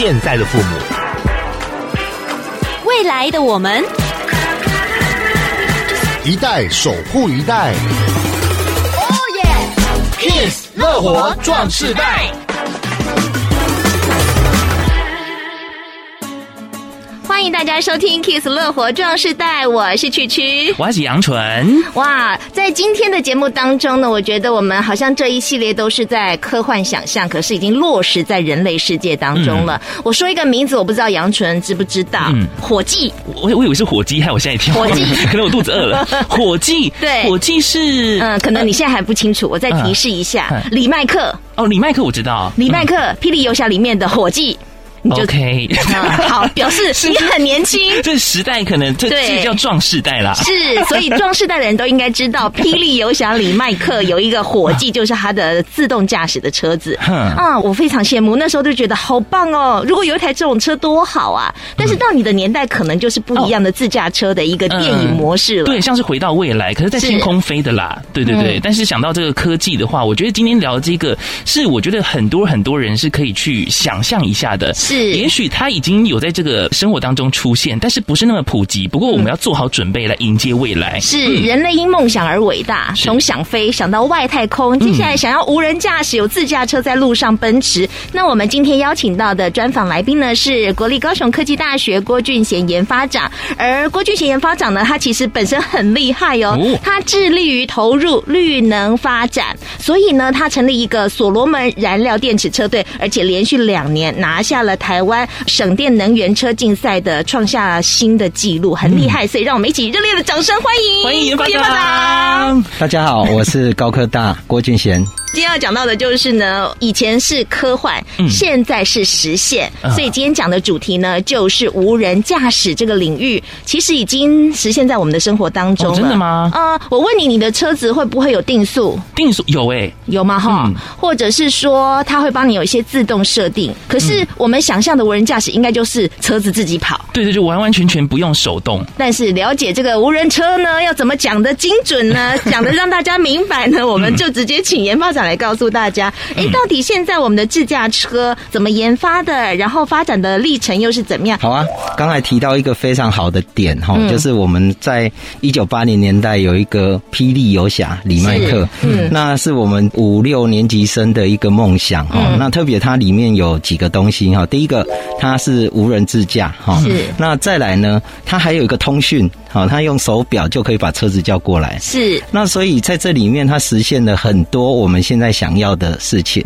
現在的父母，未來的我們，一代守護一代。哦耶 KISS 樂活壯世代。歡迎大家收聽《Kiss 樂活壯世代》，我是曲曲，我是楊純。哇，在今天的節目當中呢，我覺得我們好像這一系列都是在科幻想象，可是已經落實在人類世界當中了。嗯、我說一個名字，我不知道楊純知不知道？嗯、火雞，我我以為是火雞害，害我嚇一跳。火雞， 可能我肚子餓了。 火雞，對，火雞是，嗯，可能你現在還不清楚，嗯、我再提示一下、嗯，李麥克。哦，李麥克我知道，李麥克，嗯《霹靂遊俠》裡面的火雞。OK，、嗯、好，表示你很年輕。 這時代可能這這叫壯世代啦。是，所以壯世代的人都應該知道，《霹靂遊俠》裡麥克有一個夥計，就是他的自動駕駛的車子。啊、嗯嗯，我非常羨慕，那時候就覺得好棒哦！如果有一台這種車多好啊！但是到你的年代，可能就是不一樣的自駕車的一個電影模式了、嗯。對，像是回到未來，可是，在天空飛的啦。對對對、嗯。但是想到這個科技的話，我覺得今天聊的這個，是我覺得很多很多人是可以去想象一下的。是，也許他已經有在這個生活當中出現，但是不是那麼普及。不過我們要做好準備來迎接未來。是、嗯、人類因夢想而偉大，從想飛想到外太空，接下來想要無人駕駛，有自駕車在路上奔馳、嗯。那我們今天邀請到的專訪來賓呢，是國立高雄科技大學郭俊賢研發長。而郭俊賢研發長呢，他其實本身很厲害哦，他致力於投入綠能發展，所以呢，他成立一個所羅門燃料電池車隊，而且連續兩年拿下了，台灣省電能源車競賽的創下新的紀錄，很厲害，所以讓我們一起熱烈的掌聲歡迎，嗯、歡迎研發長。大家好，我是高科大 郭俊賢。今天要講到的就是呢，以前是科幻，嗯、現在是實現。呃、所以今天講的主題呢，就是無人駕駛這個領域，其實已經實現在我們的生活當中了、哦、真的嗎？啊、呃，我問你，你的車子會不會有定速？定速有哎、欸，有嗎？哈、嗯，或者是說它會幫你有一些自動設定？可是我們想象的無人駕駛應該就是車子自己跑，嗯、對，對對，就完完全全不用手動。但是了解這個無人車呢，要怎麼講得精準呢？講 得讓大家明白呢，我們就直接請研發長。來告訴大家，哎，到底現在我們的自駕車怎麼研發的？然後發展的歷程又是怎麼樣？好啊，剛才提到一個非常好的點哈、嗯，就是我們在一九八零年代有一個《霹靂遊俠》李麥克，嗯，那是我們五六年級生的一個夢想哈、嗯。那特別它裡面有幾個東西哈，第一個它是無人自駕哈，是，那再來呢，它還有一個通訊。好、哦，他用手錶就可以把車子叫過來。是，那所以在這裡面，他實現了很多我們現在想要的事情。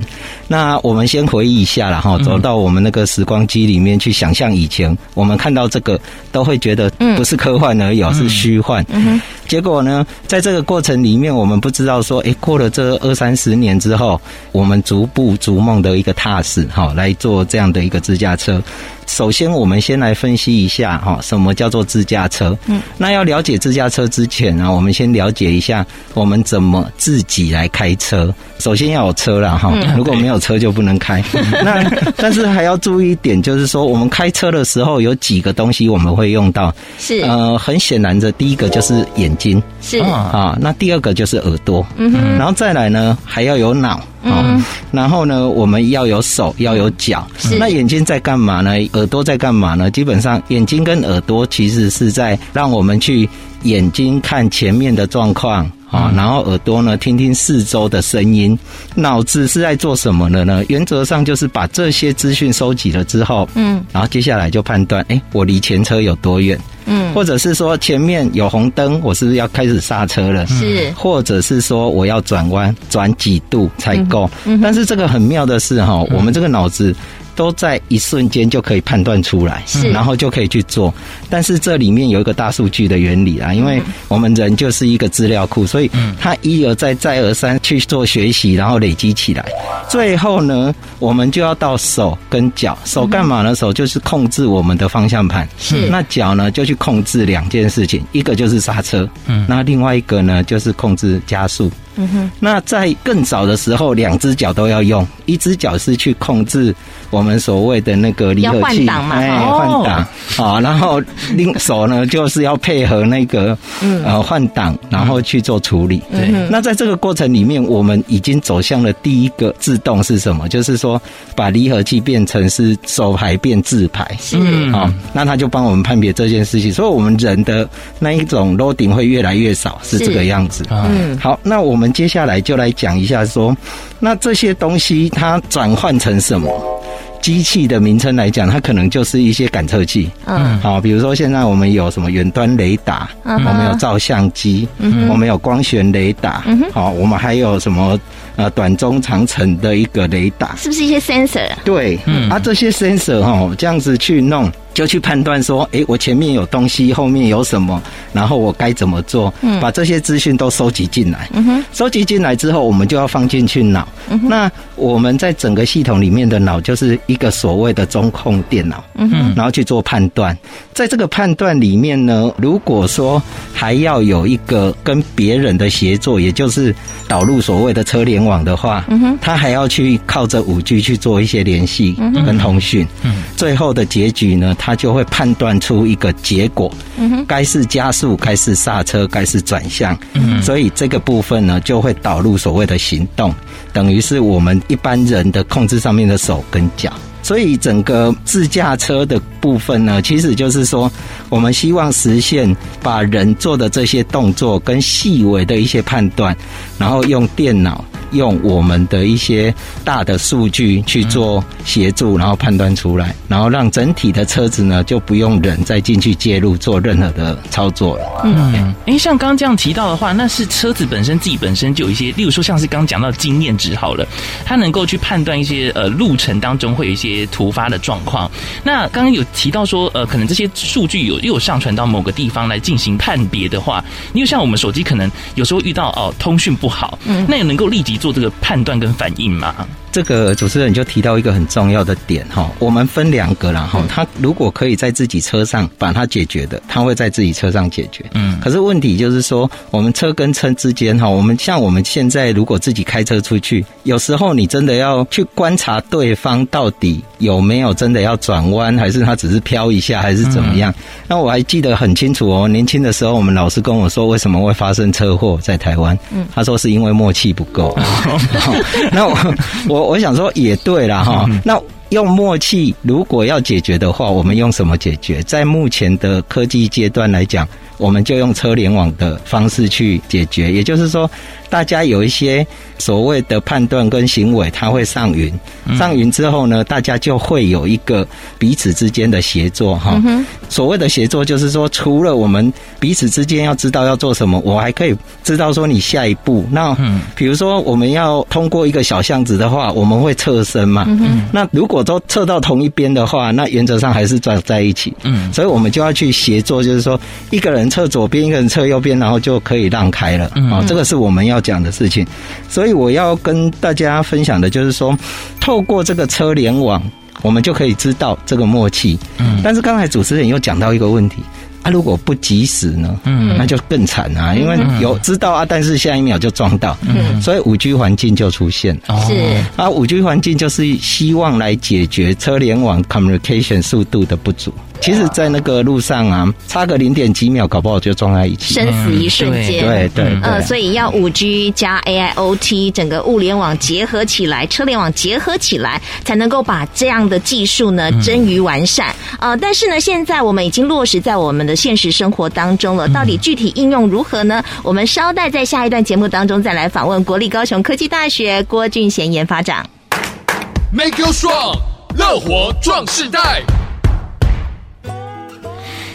那我們先回憶一下了哈、嗯，走到我們那個時光機裡面去，想象以前，我們看到這個都會覺得，不是科幻而已，而、嗯、是虛幻。嗯嗯結果呢，在這個過程裡面，我們不知道說，哎，過了這二三十年之後，我們逐步逐夢的一個踏實哈、哦，來做這樣的一個自駕車。首先，我們先來分析一下哈、哦，什麼叫做自駕車？嗯，那要了解自駕車之前呢、啊，我們先了解一下我們怎麼自己來開車。首先要有車了哈、哦嗯，如果沒有車就不能開。嗯、 那但是還要注意一點，就是說我們開車的時候有幾個東西我們會用到。是呃，很顯然的，第一個就是眼睛。是啊，哦，那第二個就是耳朵，嗯，然後再來呢，還要有腦。哦、嗯，然後呢，我們要有手，要有腳。是。那眼睛在幹嘛呢？耳朵在幹嘛呢？基本上，眼睛跟耳朵其實是在讓我們去眼睛看前面的狀況啊、嗯，然後耳朵呢，聽聽四周的聲音。腦子是在做什麼的呢？原則上就是把這些資訊收集了之後，嗯，然後接下來就判斷，誒，我離前車有多遠？嗯，或者是說前面有紅燈，我是不是要開始剎車了？是。或者是說我要轉彎，轉幾度才？哦，但是這個很妙的是哈，嗯，我們這個腦子都在一瞬間就可以判斷出來，是，然後就可以去做。但是這裡面有一個大數據的原理啊，因為我們人就是一個資料庫，所以它一而再再而三去做學習，然後累積起來。最後呢，我們就要到手跟腳，手幹嘛呢？手就是控制我們的方向盤，是。那腳呢，就去控制兩件事情，一個就是剎車，嗯，那另外一個呢，就是控制加速。嗯哼，那在更早的時候，兩隻腳都要用，一隻腳是去控制我們所謂的那個離合器，哎，換擋啊，然後另手呢就是要配合那個、嗯、呃換擋，然後去做處理。對、嗯，那在這個過程裡面，我們已經走向了第一個自動是什麼？就是說把離合器變成是手排變自排是，好，那他就幫我們判別這件事情，所以我們人的那一種 loading 會越來越少，是這個樣子。嗯，好，那我們。我們接下來就來講一下說，說那這些東西它轉換成什麼機器的名稱來講，它可能就是一些感測器。嗯，好，比如說現在我們有什麼遠端雷達、嗯，我們有照相機，嗯、我們有光學雷達，好、嗯，我們還有什麼呃短中長程的一個雷達，是不是一些 sensor？啊、對、嗯，啊，這些 sensor 哦，這樣子去弄。就去判斷說，哎，我前面有東西，後面有什麼，然後我該怎麼做？嗯，把這些資訊都收集進來，嗯哼，收集進來之後，我們就要放進去腦，嗯哼。那我們在整個系統裡面的腦就是一個所謂的中控電腦，嗯哼，然後去做判斷。在這個判斷裡面呢，如果說還要有一個跟別人的協作，也就是導入所謂的車聯網的話，嗯哼，他還要去靠着五 G 去做一些聯繫，嗯哼，跟通訊、嗯哼。最後的結局呢？它就會判斷出一個結果、嗯，該是加速，該是剎車，該是轉向、嗯，所以這個部分呢，就會導入所謂的行動，等於是我們一般人的控制上面的手跟腳，所以整個自駕車的。部分呢，其實就是說，我們希望實現把人做的這些動作跟細微的一些判斷，然後用電腦用我們的一些大的數據去做協助，然後判斷出來，然後讓整體的車子呢就不用人再進去介入做任何的操作了。嗯，哎，像剛剛這樣提到的話，那是車子本身自己本身就有一些，例如說像是剛剛講到經驗值好了，它能夠去判斷一些呃路程當中會有一些突發的狀況。那剛剛有。提到說，呃，可能這些數據有又有上傳到某個地方來進行判別的話，因為像我們手機可能有時候遇到哦通訊不好，嗯，那也能夠立即做這個判斷跟反應嗎？這個主持人就提到一個很重要的點哈，我們分兩個，然後他如果可以在自己車上把它解決的，他會在自己車上解決。嗯，可是問題就是說，我們車跟車之間哈，我們像我們現在如果自己開車出去，有時候你真的要去觀察對方到底有沒有真的要轉彎，還是他只是飄一下，還是怎麼樣？嗯，那我還記得很清楚哦，年輕的時候我們老師跟我說，為什麼會發生車禍在台灣？嗯，他說是因為默契不夠。 那我我。我想說也對了哈、嗯，那用默契如果要解決的話，我們用什麼解決？在目前的科技階段來講，我們就用車聯網的方式去解決，也就是說。大家有一些所謂的判斷跟行為，它會上雲。上雲之後呢，大家就會有一個彼此之間的協作哈。所謂的協作，就是說，除了我們彼此之間要知道要做什麼，我還可以知道說你下一步。那比如說，我們要通過一個小巷子的話，我們會側身嘛。那如果都側到同一邊的話，那原則上還是撞在一起。嗯，所以我們就要去協作，就是說，一個人側左邊，一個人側右邊，然後就可以讓開了啊。這個是我們要。這樣的事情，所以我要跟大家分享的就是說，透過這個車聯網，我們就可以知道這個默契。嗯，但是剛才主持人又講到一個問題啊，如果不及時呢，嗯，那就更慘啊，因為有知道啊，但是下一秒就撞到，嗯，所以五 G 環境就出現，是啊，五 G 環境就是希望來解決車聯網 communication 速度的不足。其實，在那個路上啊，差個零點幾秒，搞不好就撞在一起，生死一瞬間。嗯、對對、對、嗯，呃，所以要五 G 加 AIoT，整個物聯網結合起來，車聯網結合起來，才能夠把這樣的技術呢，臻於完善。嗯。呃，但是呢，現在我們已經落實在我們的現實生活當中了。到底具體應用如何呢？我們稍待在下一段節目當中再來訪問國立高雄科技大學郭俊賢研發長。Make you strong，樂活壯世代。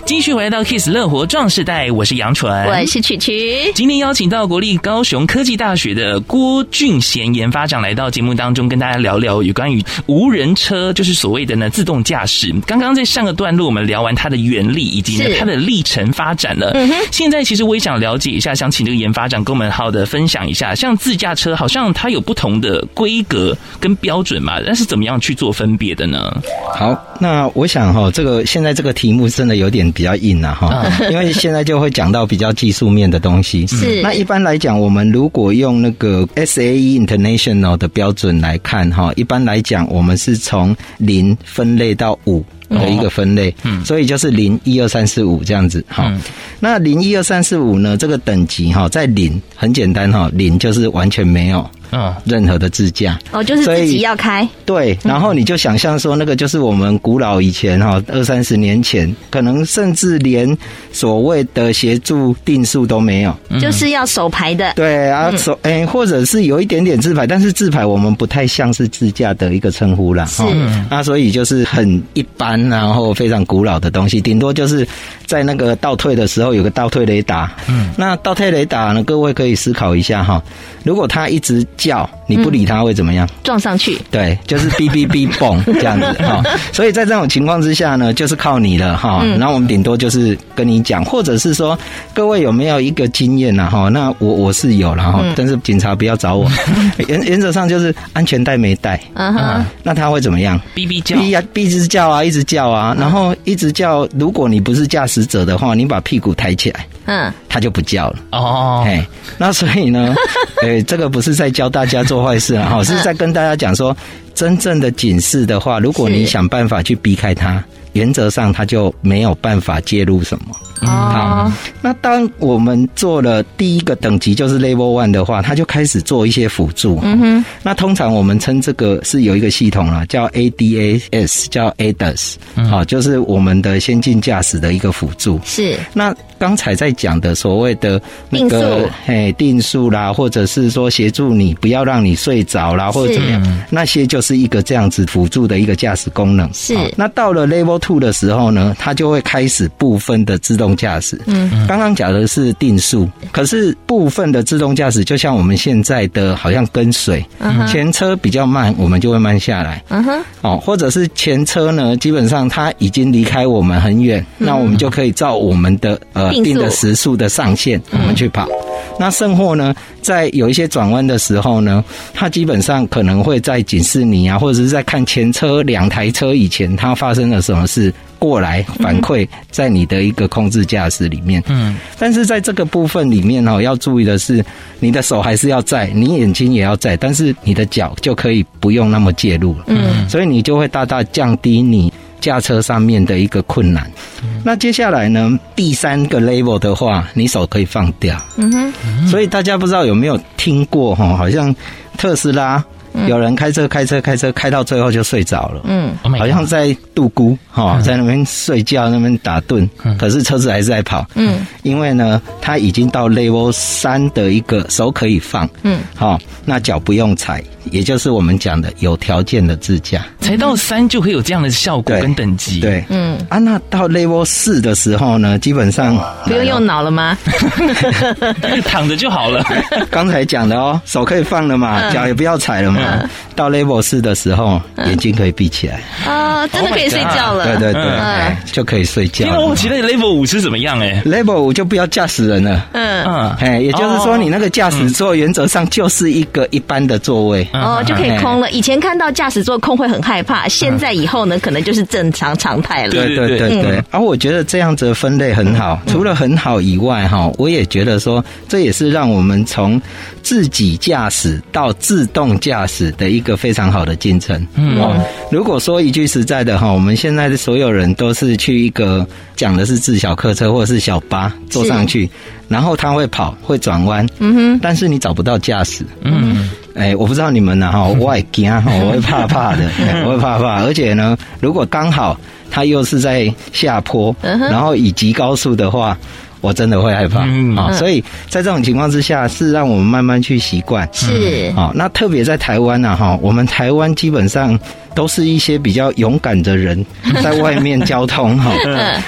繼續回到 Kiss 樂活壯世代，我是楊淳，我是曲曲。今天邀請到國立高雄科技大學的郭俊賢研發長來到節目當中，跟大家聊聊有關於無人車，就是所謂的呢自動駕駛。剛剛在上個段落，我們聊完它的原理以及呢它的歷程發展了。嗯哼，現在其實我也想了解一下，想請這個研發長跟我們好的分享一下。像自駕車，好像它有不同的規格跟標準嘛，但是怎麼樣去做分別的呢？好，那我想哈、哦，這個現在這個題目真的有點。比較硬啊，哈，因為現在就會講到比較技術面的東西。是，那一般來講，我們如果用那個 S A E International 的標準來看哈，一般來講，我們是從零分類到五的一個分類，哦，嗯，所以就是零一二三四五這樣子哈，嗯。那零一二三四五呢，這個等級哈，在零很簡單哈，零就是完全沒有。啊、哦，任何的自駕哦，就是自己要開，對、嗯，然後你就想象說，那個就是我們古老以前哈、哦，二三十年前，可能甚至連所謂的協助定速都沒有，嗯、就是要手排的對啊，嗯、手誒，或者是有一點點自排，但是自排我們不太像是自駕的一個稱呼啦。是、嗯、啊，所以就是很一般，然後非常古老的東西，頂多就是在那個倒退的時候有個倒退雷達，嗯，那倒退雷達呢，各位可以思考一下哈、哦，如果它一直。叫你不理他會怎麼樣？嗯、撞上去。對，就是嗶嗶嗶蹦 這樣子哈、哦。所以在這種情況之下呢，就是靠你了哈、哦嗯。然後我們頂多就是跟你講，或者是說，各位有沒有一個經驗啊？哈、哦？那我我是有然後、哦嗯，但是警察不要找我。嗯、原原則上就是安全帶沒帶，啊 哈、嗯，那他會怎麼樣？嗶嗶叫，呀、啊，一直叫啊，一直叫啊、嗯，然後一直叫。如果你不是駕駛者的話，你把屁股抬起來。嗯，他就不叫了哦。Oh. 嘿，那所以呢，哎、欸，這個不是在教大家做壞事啊，我 是在跟大家講說，真正的警示的話，如果你想辦法去避開它，原則上他就沒有辦法介入什麼。嗯、好。那當我們做了第一個等級，就是 Level One 的話，它就開始做一些輔助。嗯哼，那通常我們稱這個是有一個系統啦，叫 ADAS，叫 ADAS、嗯。好，就是我們的先進駕駛的一個輔助。是。那剛才在講的所謂的那個，嘿，定速啦，或者是說協助你不要讓你睡着啦，或者怎麼樣，那些就是一個這樣子輔助的一個駕駛功能。是。那到了 Level Two 的時候呢，它就會開始部分的自動。駕駛，嗯，剛剛講的是定速，可是部分的自動駕駛，就像我們現在的好像跟隨、uh -huh，前車比較慢，我們就會慢下來，嗯、uh、哼 -huh，哦，或者是前車呢，基本上它已經離開我們很遠、uh -huh，那我們就可以照我們的呃定，定的時速的上限，我們去跑。Uh -huh、那甚或呢，在有一些轉彎的時候呢，它基本上可能會在警示你啊，或者是在看前車兩台車以前它發生了什麼事。過來反饋在你的一個控制駕駛裡面，嗯，但是在這個部分裡面哦，要注意的是，你的手還是要在，你眼睛也要在，但是你的腳就可以不用那麼介入了，嗯，所以你就會大大降低你駕車上面的一個困難，嗯。那接下來呢，第三個 level 的話，你手可以放掉，嗯哼，所以大家不知道有沒有聽過哈，好像特斯拉。有人開車，開車，開車，開到最後就睡着了。嗯，好像在度咕哈，在那邊睡覺，那邊打盹、嗯。可是車子還是在跑。嗯，因為呢，他已經到 level 三的一個手可以放。嗯，好、哦，那腳不用踩，也就是我們講的有條件的自駕。才到三就會有這樣的效果跟等級。對，對嗯啊，那到 level 四的時候呢，基本上、嗯、不用用腦了嗎？ 躺着就好了。剛 才講的哦，手可以放了嘛，腳也不要踩了嘛。嗯、到 Level 四的時候、嗯，眼睛可以閉起來啊，、哦，真的可以睡覺了。Oh 啊、對對對、嗯嗯嗯對、嗯，就可以睡覺。因為我們覺得 Level 五是怎麼樣呢？欸、Level 五就不要駕駛人了。嗯嗯，哎、嗯，也就是說，你那個駕駛座原則上就是一個一般的座位、嗯嗯、哦，就可以空了。嗯、以前看到駕駛座空會很害怕、嗯，現在以後呢，可能就是正常常態了。對對對、嗯、對、對、對。而、嗯啊、我覺得這樣子的分類很好，除了很好以外，哈，我也覺得說，這也是讓我們從自己駕駛到自動駕駛死的一個非常好的進程。嗯，嗯，如果說一句實在的哈，我們現在的所有人都是去一個講的是自小客車或者是小巴坐上去，然後他會跑會轉彎，嗯哼，但是你找不到駕駛，嗯，哎、欸，我不知道你們呢哈，我會驚，我會怕怕的，我會怕怕。 而且呢，如果剛好他又是在下坡，嗯、然後以極高速的話。我真的會害怕啊，嗯，哦，所以在這種情況之下，是讓我們慢慢去習慣。是啊，哦，那特別在台灣呢，哈，我們台灣基本上，都是一些比較勇敢的人在外面交通哈，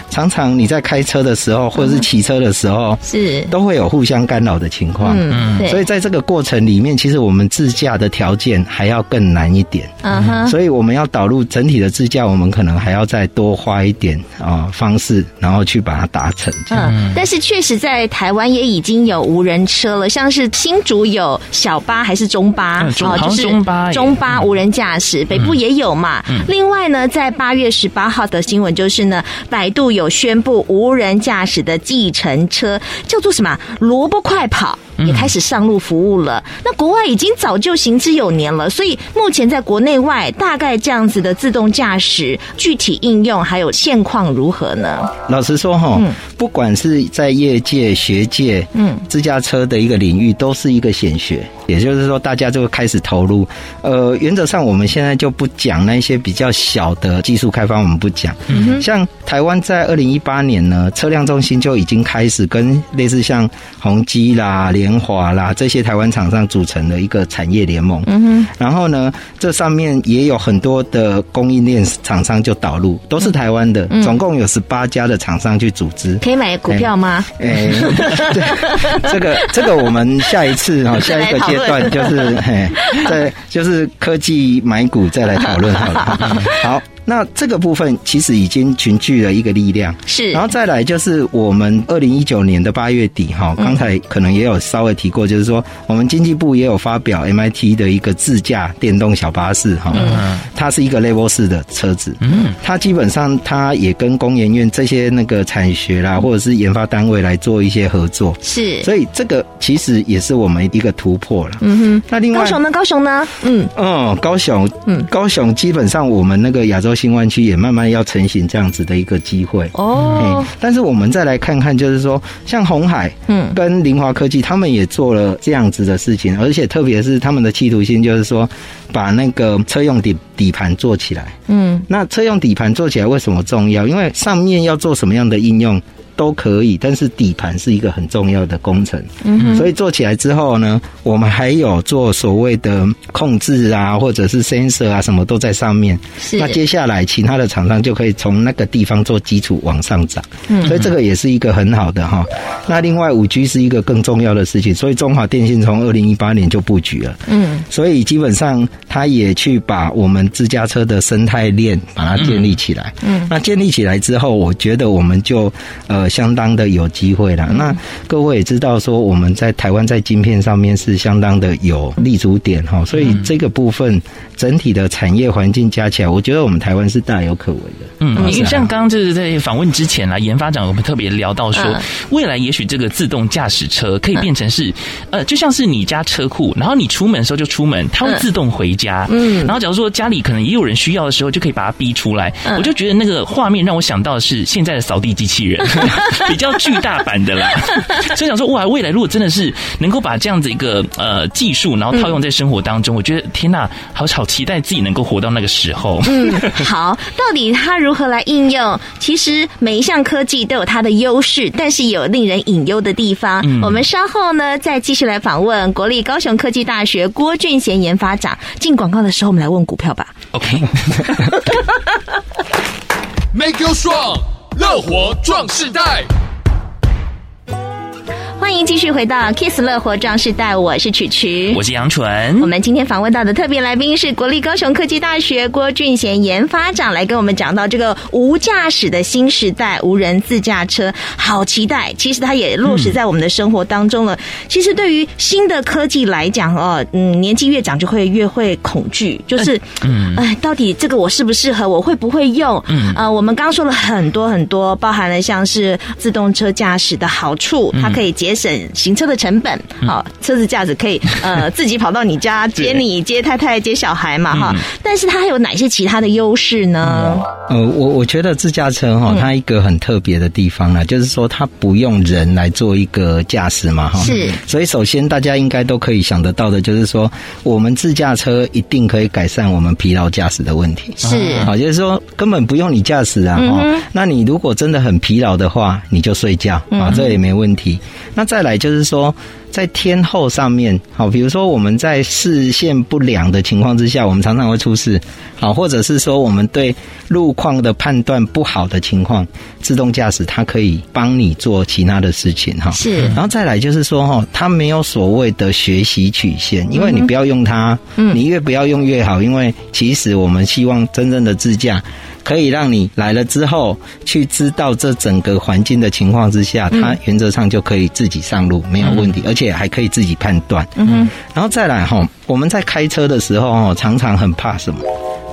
常常你在開車的時候或者是騎車的時候，是都會有互相干擾的情況，嗯，嗯。所以在這個過程裡面，其實我們自駕的條件還要更難一點，一點嗯，嗯哼。所以我們要導入整體的自駕，我們可能還要再多花一點啊方式，然後去把它達成。嗯，但是確實在台灣也已經有無人車了，像是新竹有小巴還是中巴，嗯、中，哦，好像中巴，就是中巴中巴無人駕駛、嗯嗯，北部也。還有嘛？另外呢，在八月十八號的新聞就是呢，百度有宣布無人駕駛的計程車叫做什麼？“蘿蔔快跑”。也開始上路服務了。那國外已經早就行之有年了，所以目前在國內外大概這樣子的自動駕駛具體應用還有現況如何呢？老實說，哈、嗯，不管是在業界、學界，嗯，自駕車的一個領域都是一個顯學，也就是說，大家就開始投入。呃，原則上我們現在就不講那些比較小的技術開發，我們不講、嗯。像台灣在二零一八年呢，車輛中心就已經開始跟類似像宏基啦，連文華啦，這些台灣廠商組成的一個產業聯盟。嗯，然後呢，這上面也有很多的供應鏈廠商就導入，都是台灣的，嗯、總共有十八家的廠商去組織。可以買股票嗎？哎、欸欸， 這個這個，我們下一次下一個階段就是，再是，是、欸、在就是科技買股再來討論好了。好，好。好那這個部分其實已經群聚了一個力量，是。然後再來就是我們二零一九年的八月底哈，剛才可能也有稍微提過、嗯，就是說我們經濟部也有發表 MIT 的一個自駕電動小巴士哈，嗯，它是一個 Level 四的車子，嗯，它基本上它也跟工研院這些那個產學啦或者是研發單位來做一些合作，是。所以這個其實也是我們一個突破了，嗯哼。那另外高雄呢？高雄呢？嗯嗯、哦，高雄，嗯，高雄基本上我們那個亞洲。新灣區也慢慢要成型，這樣子的一個機會哦。Oh. 但是我們再來看看，就是說，像鴻海嗯，跟凌華科技，他們也做了這樣子的事情，嗯、而且特別是他們的企圖心，就是說，把那個車用底底盤做起來。嗯，那車用底盤做起來為什麼重要？因為上面要做什麼樣的應用？都可以，但是底盤是一個很重要的工程，嗯，所以做起來之後呢，我們還有做所謂的控制啊，或者是 sensor 啊，什麼都在上面。是。那接下來其他的廠商就可以從那個地方做基礎往上漲，嗯，所以這個也是一個很好的哈。那另外五 G 是一個更重要的事情，所以中華電信從二零一八年就布局了，嗯，所以基本上它也去把我們自駕車的生態鏈把它建立起來，嗯，嗯，那建立起來之後，我覺得我們就呃。呃，相當的有機會啦。那各位也知道，說我們在台灣在晶片上面是相當的有立足點哈，所以這個部分整體的產業環境加起來，我覺得我們台灣是大有可為的。嗯，你像剛剛就是在訪問之前啊，研發長我們特別聊到說，未來也許這個自動駕駛車可以變成是呃，就像是你家車庫，然後你出門的時候就出門，它會自動回家。嗯，然後假如說家裡可能也有人需要的時候，就可以把它逼出來。我就覺得那個畫面讓我想到的是現在的掃地機器人。 比較巨大版的啦， 所以想說哇，未來如果真的是能夠把這樣子一個呃技術，然後套用在生活當中，嗯、我覺得天吶，好好期待自己能夠活到那個時候。嗯，好，到底它如何來應用？ 其實每一項科技都有它的優勢，但是有令人隱憂的地方、嗯。我們稍後呢，再繼續來訪問國立高雄科技大學郭俊賢研發長。進廣告的時候，我們來問股票吧。OK Make you strong. 樂活壯世代。歡迎繼續回到《Kiss 樂活壯世代》，我是曲曲，我是楊純。我們今天訪問到的特別來賓是國立高雄科技大學郭俊賢研發長，來跟我們講到這個無駕駛的新時代，無人自駕車，好期待！其實它也落實在我們的生活當中了。嗯、其實對於新的科技來講，哦，嗯，年紀越長就會越會恐懼，就是，嗯，哎，到底這個我適不適合？我會不會用？嗯，呃我們剛說了很多很多，包含了像是自動車駕駛的好處，它可以節省。省行車的成本，好，車子架子可以呃自己跑到你家接你、接太太、接小孩嘛哈，但是它還有哪些其他的優勢呢、嗯？呃，我我覺得自駕車哈，它一個很特別的地方呢、嗯，就是說它不用人來做一個駕駛嘛哈，是，所以首先大家應該都可以想得到的，就是說我們自駕車一定可以改善我們疲勞駕駛的問題，是，好，就是說根本不用你駕駛啊，哦、嗯，那你如果真的很疲勞的話，你就睡覺啊、嗯，這也沒問題。那那再來就是說，在天候上面，好，比如說我們在視線不良的情況之下，我們常常會出事，好，或者是說我們對路況的判斷不好的情況，自動駕駛它可以幫你做其他的事情，哈。是，然後再來就是說，哈，它沒有所謂的學習曲線，因為你不要用它，嗯，你越不要用越好，因為其實我們希望真正的自駕。可以讓你來了之後去知道這整個環境的情況之下，它原則上就可以自己上路，嗯、沒有問題，而且還可以自己判斷。嗯，然後再來哈，我們在開車的時候常常很怕什麼？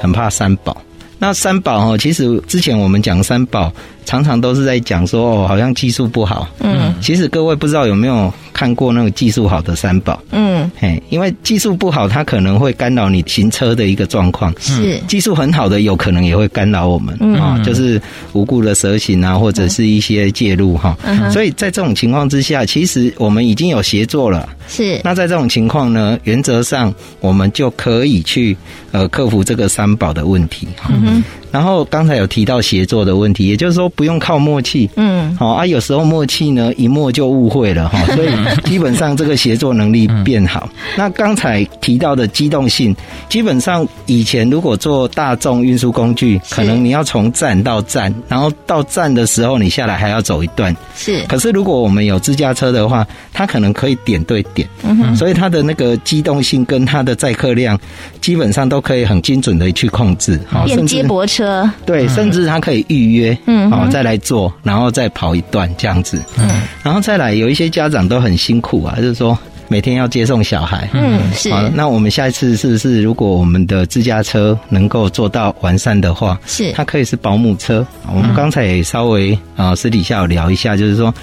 很怕三寶。那三寶哈，其實之前我們講三寶。常常都是在講說哦，好像技術不好。嗯，其實各位不知道有沒有看過那個技術好的三寶？嗯，嘿因為技術不好，它可能會干擾你行車的一個狀況。是、嗯，技術很好的有可能也會干擾我們啊、嗯哦，就是無故的蛇行啊，或者是一些介入哈、嗯哦。所以在這種情況之下，其實我們已經有協作了。是，那在這種情況呢，原則上我們就可以去呃克服這個三寶的問題。嗯哼。然後剛才有提到協作的問題，也就是說不用靠默契，嗯，好、哦、啊，有時候默契呢一默就誤會了哈、哦，所以基本上這個協作能力變好、嗯。那剛才提到的機動性，基本上以前如果坐大眾運輸工具，可能你要從站到站，然後到站的時候你下來還要走一段，是。可是如果我們有自駕車的話，它可能可以點對點，嗯哼，所以它的那個機動性跟它的載客量，基本上都可以很精準的去控制，好、哦，甚至。車對，甚至他可以預約，嗯，好、哦，再來坐，然後再跑一段這樣子，嗯，然後再來，有一些家長都很辛苦啊，就是說每天要接送小孩，嗯，是。好，那我們下一次是不是如果我們的自駕車能夠做到完善的話，是，它可以是保姆車。我們剛才也稍微、嗯、啊私底下有聊一下，就是說，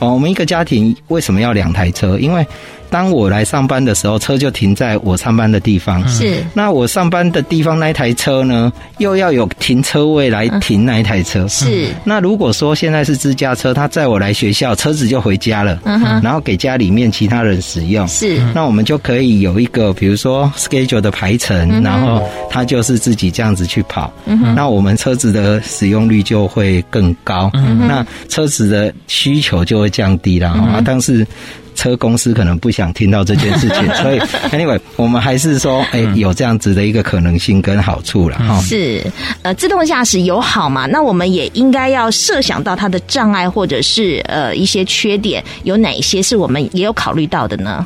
哦，我們一個家庭為什麼要兩台車？因為。當我來上班的時候，車就停在我上班的地方。是。那我上班的地方那台車呢，又要有停車位來停那一台車。是。那如果說現在是自駕車，他載我來學校，車子就回家了。嗯、uh -huh、然後給家裡面其他人使用。是。Uh -huh、那我們就可以有一個比如說 schedule 的排程、uh -huh，然後他就是自己這樣子去跑。嗯、uh -huh、那我們車子的使用率就會更高。嗯、uh -huh、那車子的需求就會降低了、uh -huh。啊，但是。車公司可能不想聽到這件事情， 所以 Anyway，我們還是說，哎、欸，有這樣子的一個可能性跟好處了哈、嗯。是，呃，自動駕駛有好嘛？那我們也應該要設想到它的障礙或者是呃一些缺點，有哪一些是我們也有考慮到的呢？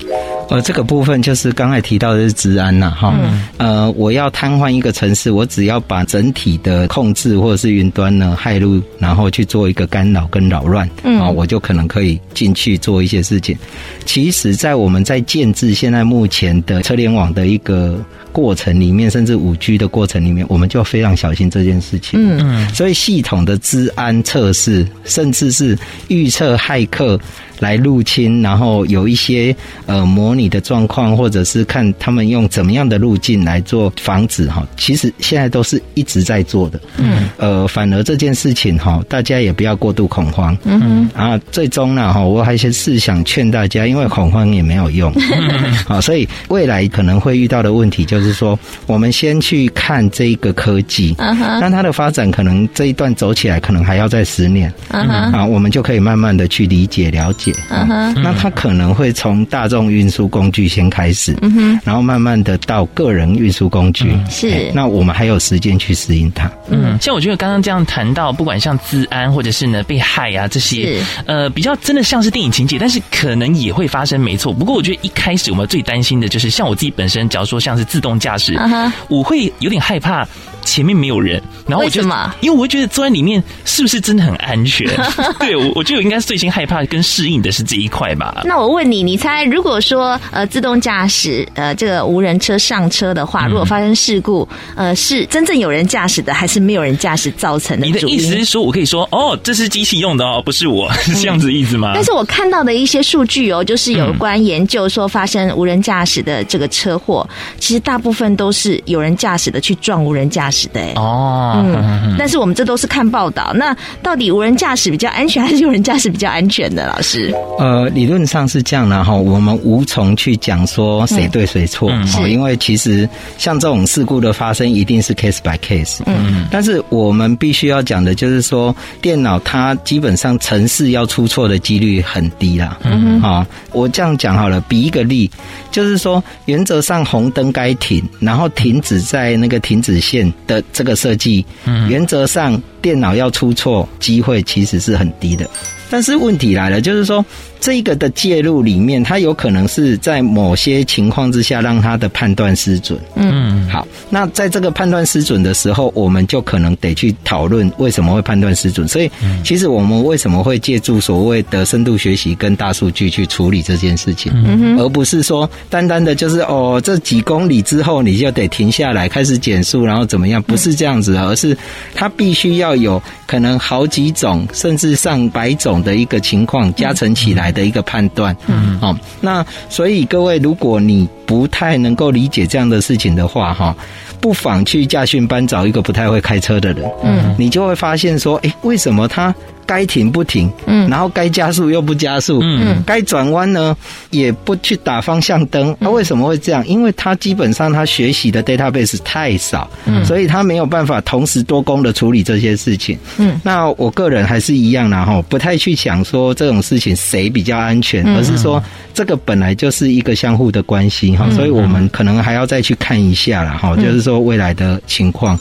呃，這個部分就是剛才提到的是資安吶，哈、嗯。呃，我要癱瘓一個城市，我只要把整體的控制或者是雲端呢駭入，然後去做一個干擾跟擾亂，嗯，我就可能可以進去做一些事情。其實，在我們在建置現在目前的車聯網的一個過程裡面，甚至五 G 的過程裡面，我們就非常小心這件事情。嗯，所以系統的資安測試，甚至是預測駭客。來入侵，然後有一些呃模擬的狀況，或者是看他們用怎麼樣的路徑來做防止哈。其實現在都是一直在做的，嗯，呃，反而這件事情哈，大家也不要過度恐慌，嗯，啊，最終呢哈，我還是是想勸大家，因為恐慌也沒有用，嗯，好，所以未來可能會遇到的問題就是說，我們先去看這一個科技，啊哈，那它的發展可能這一段走起來可能還要再十年，啊哈，啊，我們就可以慢慢的去理解了解。嗯哼，那他可能會從大眾運輸工具先開始，嗯哼，然後慢慢的到個人運輸工具。嗯、是、欸，那我們還有時間去適應它。嗯，像我覺得剛剛這樣談到，不管像治安或者是呢被害啊這些，呃，比較真的像是電影情節，但是可能也會發生，沒錯。不過我覺得一開始我們最擔心的就是，像我自己本身，假如說像是自動駕駛，嗯、啊、哼，我會有點害怕前面沒有人，然後我就，為什麼？因為我會覺得坐在裡面是不是真的很安全？ 對，我我覺得我應該是最先害怕跟適應。你的是這一塊吧？那我問你，你猜，如果說呃自動駕駛呃這個無人車上車的話，嗯、如果發生事故，呃是真正有人駕駛的，還是沒有人駕駛造成的？你的意思是說我可以說哦，這是機器用的哦，不是我，是、嗯、這樣子的意思嗎？但是我看到的一些數據哦，就是有關研究說發生無人駕駛的這個車禍、嗯，其實大部分都是有人駕駛的去撞無人駕駛的哦嗯。嗯，但是我們這都是看報道，那到底無人駕駛比較安全，還是有人駕駛比較安全的？老師？呃，理論上是這樣的哈，我們無從去講說誰對誰錯，嗯嗯，因為其實像這種事故的發生，一定是 case by case。嗯，但是我們必須要講的就是說，電腦它基本上程式要出錯的幾率很低啦。啊、嗯哦，我這樣講好了，比一個例，就是說原則上紅燈該停，然後停止在那個停止線的這個設計，原則上電腦要出錯機會其實是很低的。但是問題來了，就是說。這個的介入裡面，它有可能是在某些情況之下讓它的判斷失準。嗯，好，那在這個判斷失準的時候，我們就可能得去討論為什麼會判斷失準。所以，嗯、其實我們為什麼會借助所謂的深度學習跟大數據去處理這件事情，嗯、而不是說單單的就是哦，這幾公里之後你就得停下來開始減速，然後怎麼樣？不是這樣子、嗯，而是它必須要有可能好幾種甚至上百種的一個情況加成起來。嗯嗯的一個判斷，嗯，好，那所以各位，如果你不太能夠理解這樣的事情的話，哈，不妨去駕訓班找一個不太會開車的人，嗯，你就會發現說，哎，為什麼他？該停不停，嗯，然後該加速又不加速，嗯，該轉彎呢也不去打方向燈，他、嗯啊、為什麼會這樣？因為他基本上他學習的 database 太少，嗯，所以他沒有辦法同時多工的處理這些事情，嗯，那我個人還是一樣啦，哈，不太去想說這種事情誰比較安全，而是說這個本來就是一個相互的關係哈，所以我們可能還要再去看一下了，哈，就是說未來的情況。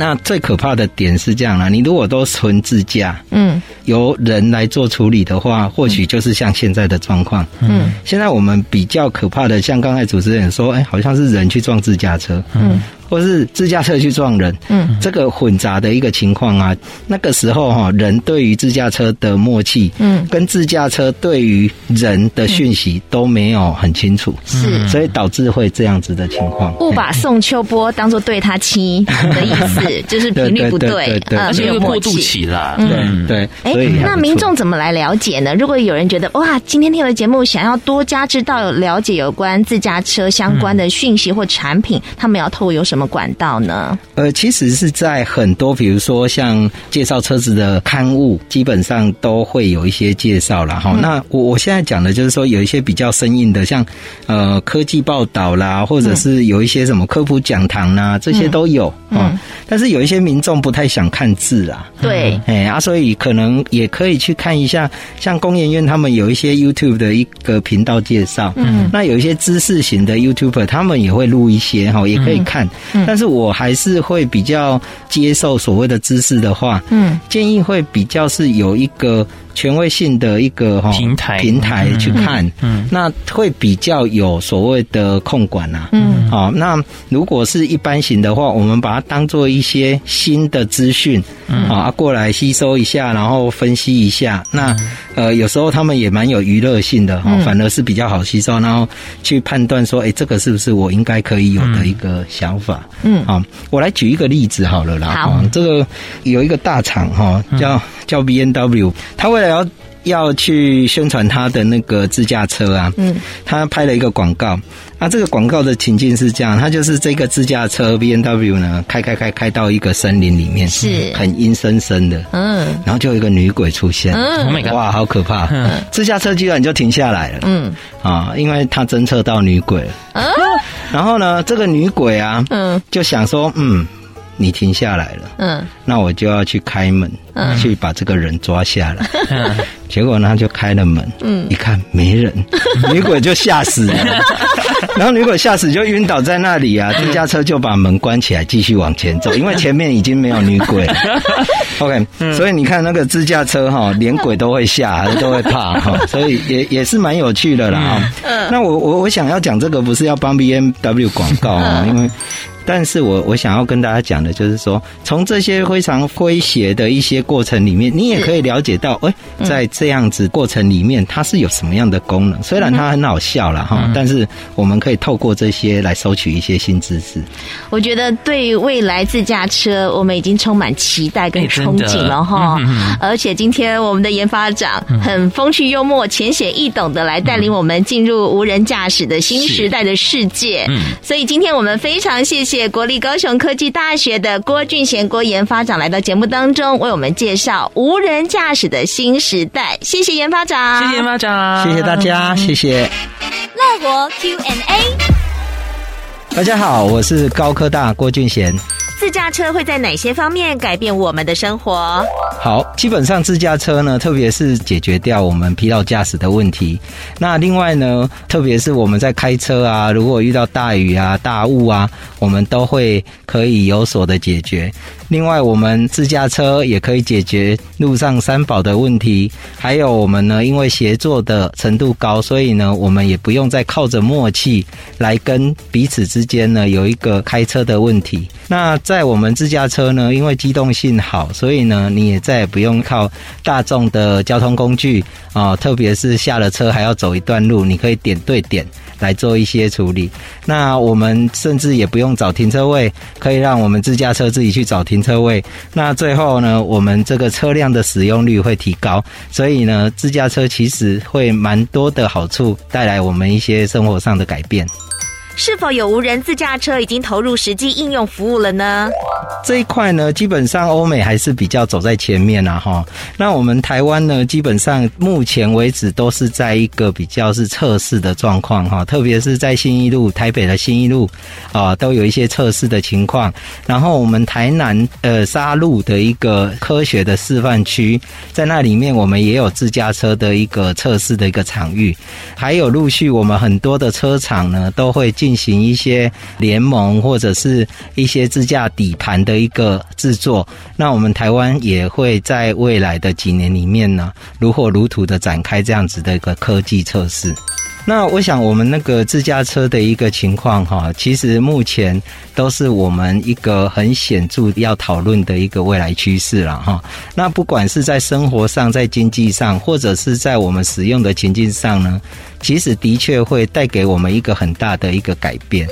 那最可怕的點是這樣啦，你如果都純自駕，嗯，由人來做處理的話，或許就是像現在的狀況，嗯，現在我們比較可怕的，像剛才主持人說，哎、欸，好像是人去撞自駕車，嗯。嗯或是自駕車去撞人，嗯，這個混雜的一個情況啊，那個時候哈、啊，人對於自駕車的默契，嗯，跟自駕車對於人的訊息都沒有很清楚，是、嗯，所以導致會這樣子的情況、嗯。不把宋秋波當做對他妻的意思，嗯、 就是頻率不對，而且又過渡期了，對對，對，對。哎、欸，那民眾怎麼來了解呢？如果有人覺得哇，今天聽了節目想要多加知道了解有關自駕車相關的訊息或產品、嗯，他們要透過有什麼？什麼管道呢？呃，其實是在很多，比如說像介紹車子的刊物，基本上都會有一些介紹了哈、嗯。那我我現在講的就是說，有一些比較生硬的，像呃科技報道啦，或者是有一些什麼科普講堂啦，嗯、這些都有嗯、哦，但是有一些民眾不太想看字啊，對、嗯嗯，哎啊，所以可能也可以去看一下，像工研院他們有一些 YouTube 的一個頻道介紹，嗯，那有一些知識型的 YouTuber 他們也會錄一些哈、哦，也可以看。嗯但是我還是會比較接受所謂的知識的話，嗯，建議會比較是有一個權威性的一個哈平台平台去看，嗯，嗯，那會比較有所謂的控管吶、啊，嗯，好、哦，那如果是一般型的話，我們把它當做一些新的資訊，嗯，啊過來吸收一下，然後分析一下，那呃有時候他們也蠻有娛樂性的，哦，反而是比較好吸收，然後去判斷說，哎，這個是不是我應該可以有的一個想法。嗯，好、哦，我來舉一個例子好了啦。好，哦、這個有一個大廠哈、哦，叫、嗯、叫 BMW，他為了要要去宣傳他的那個自駕車啊，嗯，他拍了一個廣告。啊，這個廣告的情境是這樣，他就是這個自駕車 B M W 呢，開開開開到一個森林裡面，是，很陰森森的，嗯，然後就有一個女鬼出現，嗯，哇，好可怕，嗯、自駕車居然就停下來了，嗯，啊，因為他偵測到女鬼了，啊、嗯，然後呢，這個女鬼啊，嗯，就想說，嗯，你停下來了，嗯，那我就要去開門，嗯，去把這個人抓下來，嗯，結果呢，他就開了門，嗯，一看沒人、嗯，女鬼就嚇死了。 然後女鬼嚇死就暈倒在那裡啊，自駕車就把門關起來繼續往前走，因為前面已經沒有女鬼了。OK，、嗯、所以你看那個自駕車哈、哦，連鬼都會嚇，都會怕哈、哦，所以也也是蠻有趣的啦、哦嗯。那我我我想要講這個不是要幫 BMW 廣告啊、哦，因為。但是我我想要跟大家講的就是說，從這些非常詼諧的一些過程裡面，你也可以了解到，哎、欸，在這樣子過程裡面、嗯，它是有什麼樣的功能？雖然它很好笑了哈、嗯，但是我們可以透過這些來收取一些新知識。嗯、我覺得對未來自駕車，我們已經充滿期待跟憧憬，、欸、憧憬了哈。而且今天我們的研發長很風趣幽默、淺顯易懂的來帶領我們進入無人駕駛的新時代的世界、嗯。所以今天我們非常謝謝。謝謝國立高雄科技大學的郭俊賢郭研發長來到節目當中，為我們介紹無人駕駛的新時代。謝謝研發長，謝謝研發長，謝謝大家，謝謝。樂活 Q&A。大家好，我是高科大郭俊賢。自駕車會在哪些方面改變我們的生活？好，基本上自駕車呢，特別是解決掉我們疲勞駕駛的問題。那另外呢，特別是我們在開車啊，如果遇到大雨啊、大霧啊，我們都會可以有所的解決。另外，我們自駕車也可以解決路上三寶的問題。還有我們呢，因為協作的程度高，所以呢，我們也不用再靠着默契來跟彼此之間呢有一個開車的問題。那在我們自駕車呢，因為機動性好，所以呢，你也再也不用靠大眾的交通工具啊，呃，特別是下了車還要走一段路，你可以點對點來做一些處理。那我們甚至也不用找停車位，可以讓我們自駕車自己去找停車位。那最後呢，我們這個車輛的使用率會提高，所以呢，自駕車其實會蠻多的好處，帶來我們一些生活上的改變。是否有無人自駕車已經投入實際應用服務了呢？這一塊呢，基本上歐美還是比較走在前面啊，哈。那我們台灣呢，基本上目前為止都是在一個比較是測試的狀況，哈。特別是在新一路，台北的新一路啊，都有一些測試的情況。然後我們台南呃沙路的一個科學的示範區，在那裡面我們也有自駕車的一個測試的一個場域，還有陸續我們很多的車廠呢都會進。進行一些聯盟或者是一些自駕底盤的一個製作，那我們台灣也會在未來的幾年裡面呢，如火如荼的展開這樣子的一個科技測試。那我想，我們那個自駕車的一個情況，哈，其實目前都是我們一個很顯著要討論的一個未來趨勢了，哈。那不管是在生活上，在經濟上，或者是在我們使用的情境上呢？其實的確會帶給我們一個很大的一個改變，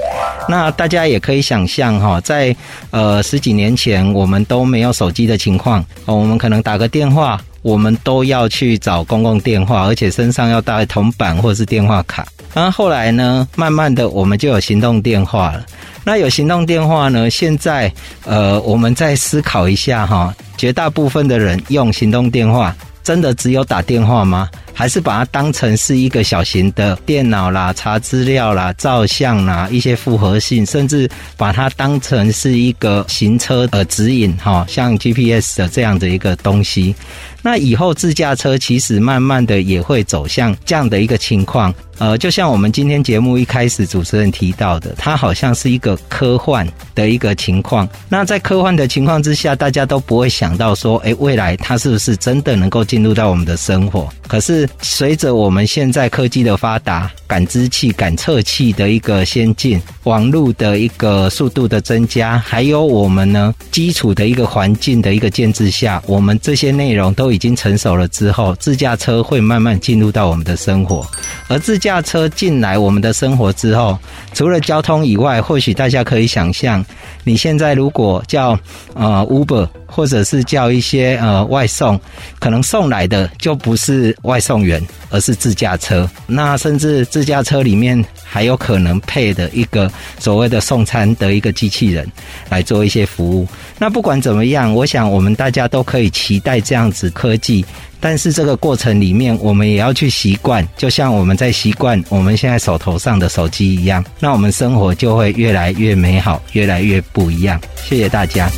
那大家也可以想象哈，在呃十幾年前，我們都沒有手機的情況，我們可能打個電話，我們都要去找公共電話，而且身上要帶銅板或是電話卡。那後來呢，慢慢的我們就有行動電話了。那有行動電話呢，現在呃，我們再思考一下哈，絕大部分的人用行動電話，真的只有打電話嗎？還是把它當成是一個小型的電腦啦，查資料啦、照相啦，一些複合性，甚至把它當成是一個行車的指引哈，像 GPS 的這樣的一個東西。那以後自駕車其實慢慢的也會走向這樣的一個情況，呃，就像我們今天節目一開始主持人提到的，它好像是一個科幻的一個情況。那在科幻的情況之下，大家都不會想到說，誒，未來它是不是真的能夠進入到我們的生活？可是。隨着我們現在科技的發達，感知器、感測器的一個先進，網絡的一個速度的增加，還有我們呢基礎的一個環境的一個建置下，我們這些內容都已經成熟了之後，自駕車會慢慢進入到我們的生活。而自駕車進來我們的生活之後，除了交通以外，或許大家可以想象。你現在如果叫呃 Uber，或者是叫一些呃外送，可能送來的就不是外送員，而是自駕車。那甚至自駕車裡面還有可能配的一個所謂的送餐的一個機器人來做一些服務。那不管怎麼樣，我想我們大家都可以期待這樣子科技。但是這個過程裡面，我們也要去習慣，就像我們在習慣我們現在手頭上的手機一樣，那我們生活就會越來越美好，越來越不一樣。謝謝大家。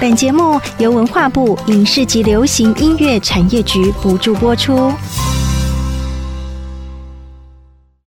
本節目由文化部影視及流行音樂產業局補助播出。